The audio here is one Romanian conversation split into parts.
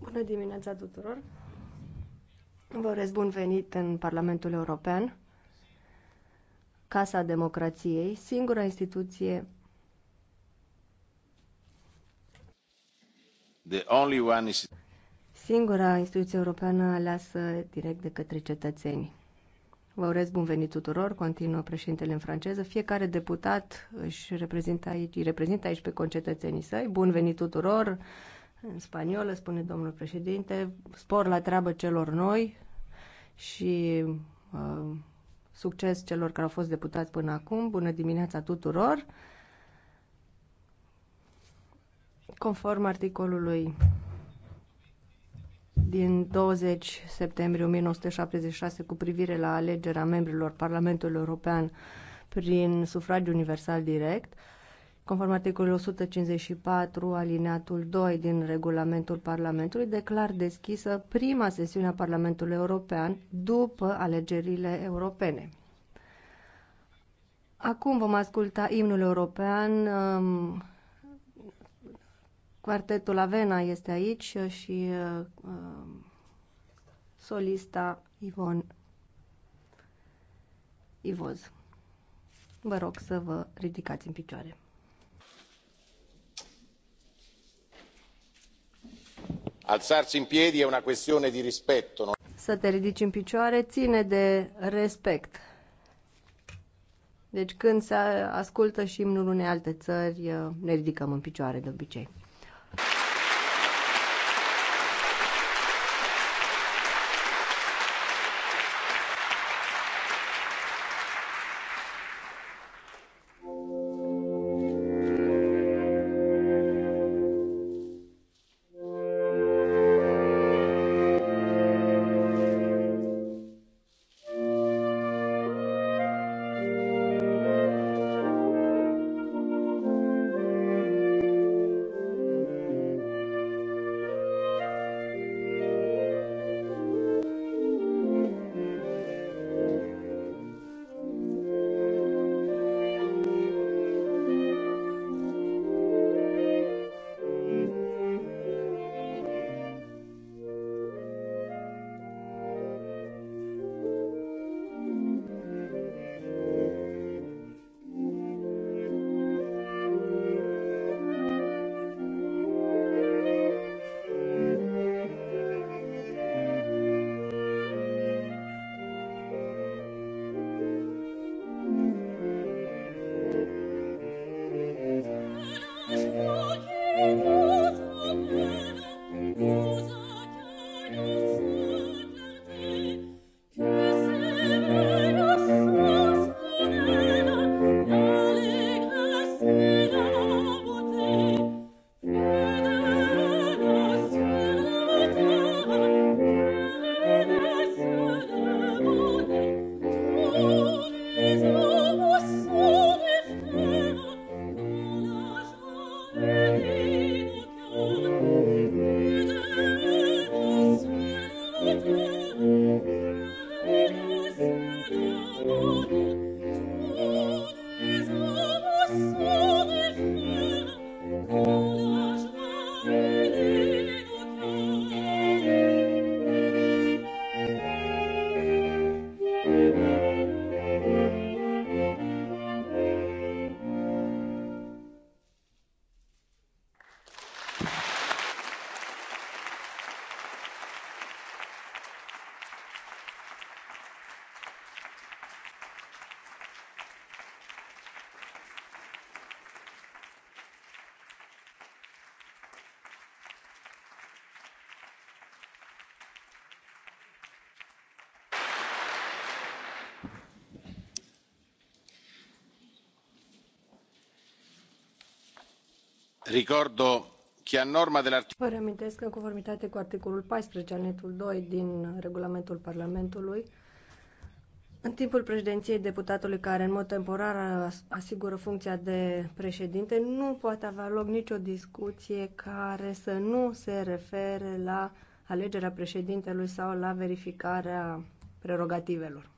Bună dimineața tuturor! Vă urez bun venit în Parlamentul European, Casa Democrației, singura instituție The only one is... singura instituție europeană aleasă direct de către cetățeni. Vă urez bun venit tuturor, continuă președintele în franceză. Fiecare deputat își reprezintă aici, îi reprezintă aici pe concetățenii săi. Bun venit tuturor! În spaniolă, spune domnul președinte, spor la treabă celor noi și uh, succes celor care au fost deputați până acum. Bună dimineața tuturor! Conform articolului din 20 septembrie 1976 cu privire la alegerea membrilor Parlamentului European prin sufragiu universal direct, uh, conform articolului 154, alineatul 2 din regulamentul Parlamentului, declar deschisă prima sesiune a Parlamentului European după alegerile europene. Acum vom asculta imnul european. Um, Quartetul Avena este aici și um, solista Ivon Ivoz. Vă rog să vă ridicați în picioare. alzarsi în piedi è una questione di rispetto. Să te ridici în picioare ține de respect. Deci când se ascultă și imnul unei alte țări, ne ridicăm în picioare de obicei. ricordo che a norma dell'articolo. Vă reamintesc că în conformitate cu articolul 14 anetul 2 din regulamentul Parlamentului, în timpul președinției deputatului care în mod temporar asigură funcția de președinte, nu poate avea loc nicio discuție care să nu se refere la alegerea președintelui sau la verificarea prerogativelor.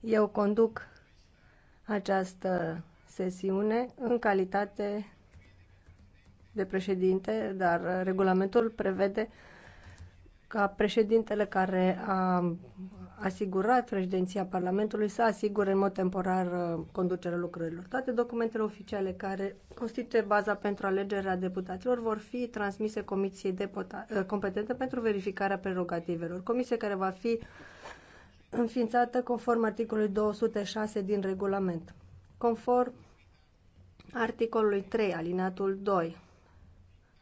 Eu conduc această sesiune în calitate de președinte, dar regulamentul prevede ca președintele care a asigurat președinția Parlamentului să asigure în mod temporar uh, conducerea lucrurilor. Toate documentele oficiale care constituie baza pentru alegerea deputaților vor fi transmise Comisiei uh, competente pentru verificarea prerogativelor. Comisie care va fi înființată conform articolului 206 din regulament. Conform articolului 3, alineatul 2.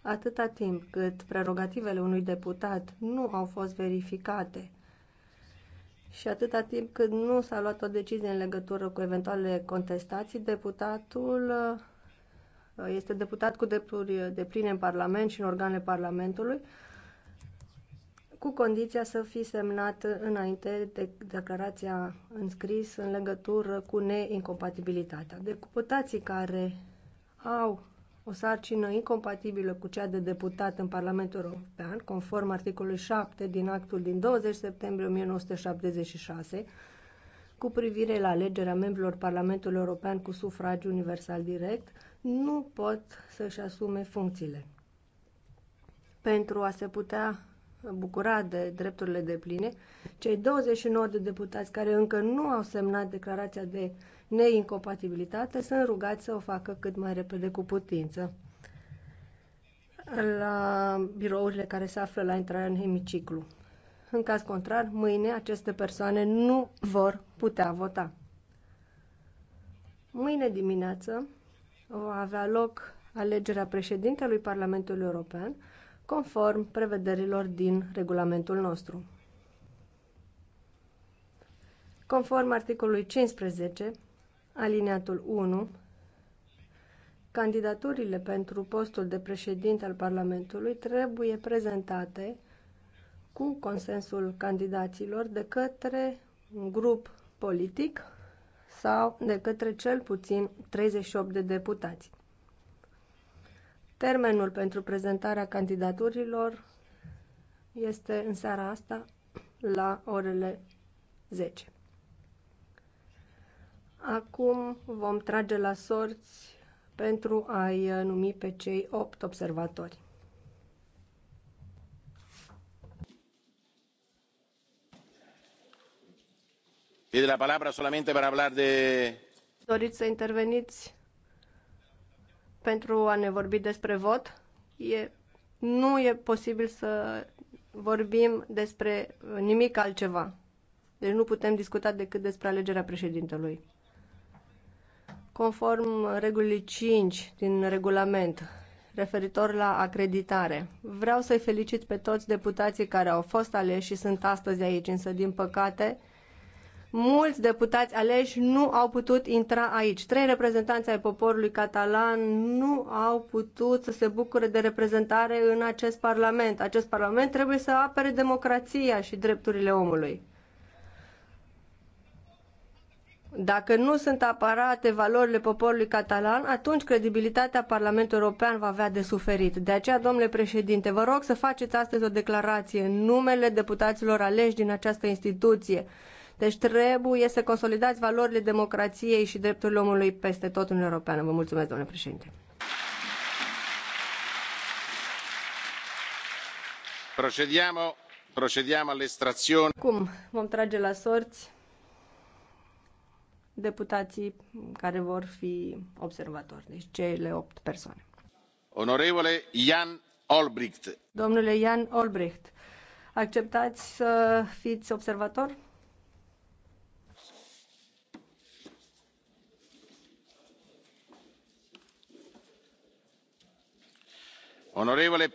Atâta timp cât prerogativele unui deputat nu au fost verificate și atâta timp cât nu s-a luat o decizie în legătură cu eventuale contestații, deputatul uh, este deputat cu drepturi de pline în Parlament și în organele Parlamentului, cu condiția să fi semnat înainte de declarația înscris în legătură cu neincompatibilitatea. Deputații deci, care au o sarcină incompatibilă cu cea de deputat în Parlamentul European, conform articolului 7 din actul din 20 septembrie 1976, cu privire la alegerea membrilor Parlamentului European cu sufragiu universal direct, nu pot să-și asume funcțiile. Pentru a se putea bucurat de drepturile de pline, cei 29 de deputați care încă nu au semnat declarația de neincompatibilitate sunt rugați să o facă cât mai repede cu putință la birourile care se află la intrarea în hemiciclu. În caz contrar, mâine aceste persoane nu vor putea vota. Mâine dimineață va avea loc alegerea președintelui Parlamentului European, conform prevederilor din regulamentul nostru. Conform articolului 15, aliniatul 1, candidaturile pentru postul de președinte al Parlamentului trebuie prezentate cu consensul candidaților de către un grup politic sau de către cel puțin 38 de deputați. Termenul pentru prezentarea candidaturilor este în seara asta la orele 10. Acum vom trage la sorți pentru a-i uh, numi pe cei 8 observatori. Pide la palabra solamente para hablar de... Doriți să interveniți pentru a ne vorbi despre vot. E, nu e posibil să vorbim despre nimic altceva. Deci nu putem discuta decât despre alegerea președintelui. Conform regulii 5 din regulament, referitor la acreditare. Vreau să-i felicit pe toți deputații care au fost aleși și sunt astăzi aici, însă, din păcate, mulți deputați aleși nu au putut intra aici. Trei reprezentanți ai poporului catalan nu au putut să se bucure de reprezentare în acest parlament. Acest parlament trebuie să apere democrația și drepturile omului. Dacă nu sunt aparate valorile poporului catalan, atunci credibilitatea Parlamentului European va avea de suferit. De aceea, domnule președinte, vă rog să faceți astăzi o declarație în numele deputaților aleși din această instituție deci trebuie să consolidați valorile democrației și drepturile omului peste tot în Europeană. Vă mulțumesc, domnule președinte. Procediamo, procediamo all'estrazione. Cum vom trage la sorți deputații care vor fi observatori, deci cele opt persoane. Onorevole Jan Olbricht. Domnule Jan Olbricht, acceptați să fiți observator? Domnule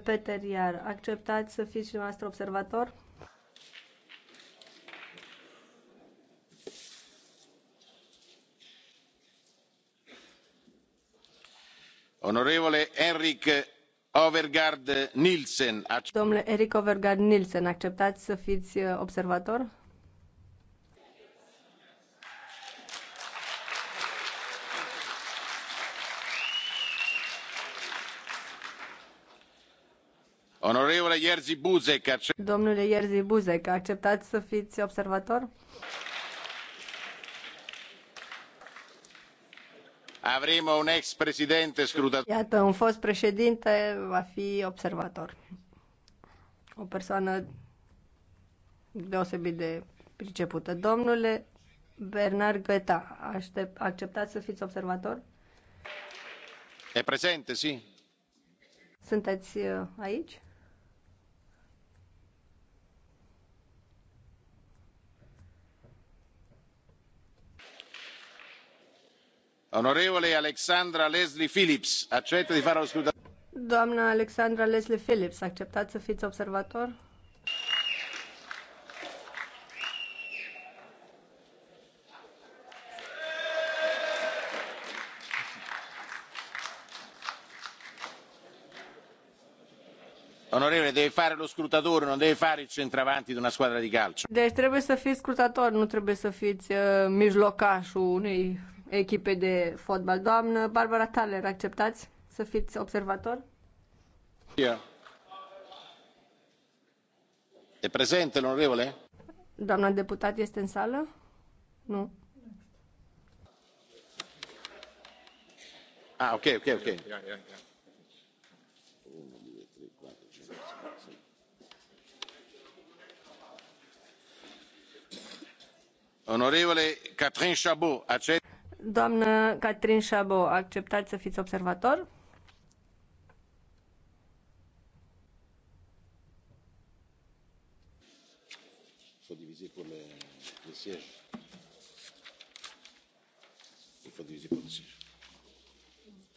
Peter Jahr, acceptați să fiți și dumneavoastră observator? Domnule Henrik Overgaard Nielsen. Domnule Eric Overgaard Nielsen, acceptați să fiți uh, observator? Domnule Jerzy Buzek, acceptați să fiți observator? un ex președinte scrutat. Iată, un fost președinte va fi observator. O persoană deosebit de pricepută. Domnule Bernard Găta, aștept, acceptați să fiți observator? E prezent, si. Sunteți uh, aici? onorevole alexandra leslie phillips acceptă de fare o scrutare. doamna alexandra leslie phillips acceptați să fiți observator? onorevole deve fare lo scrutatore non deve fare il centravanti di una squadra di calcio. deci trebuie să fiți scrutator nu trebuie să fiți uh, mijlocașul unei echipei de fotbal. Doamnă Barbara Thaler, acceptați să fiți observator? Yeah. E prezent, onorevole? Doamna deputat este în sală? Nu. Ah, ok, ok, ok. Yeah, yeah, yeah. Onorevole Catherine Chabot, accept. Doamnă Catrin Șabo, acceptați să fiți observator?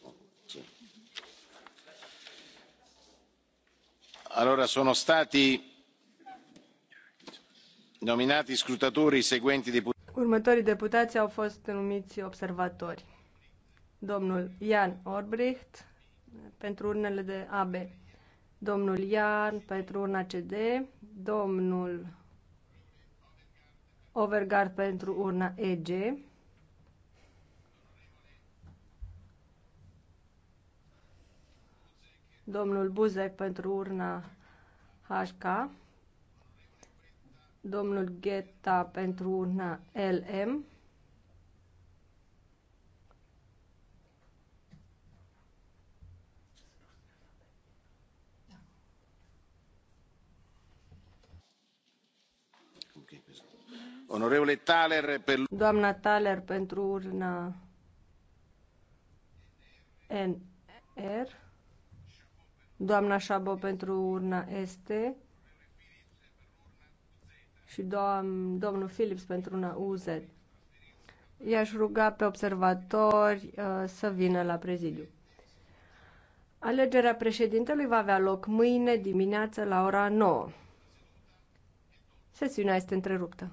Oh, allora sono stati nominati scrutatori i seguenti deputati. Următorii deputați au fost numiți observatori. Domnul Ian Orbricht pentru urnele de AB, domnul Ian pentru urna CD, domnul Overgard pentru urna EG, domnul Buzek pentru urna HK, domnul Geta pentru un LM. Onorevole Thaler per... Doamna Thaler pentru urna NR. Doamna Șabo pentru urna ST și doam, domnul Philips pentru una UZ. I-aș ruga pe observatori uh, să vină la prezidiu. Alegerea președintelui va avea loc mâine dimineață la ora 9. Sesiunea este întreruptă.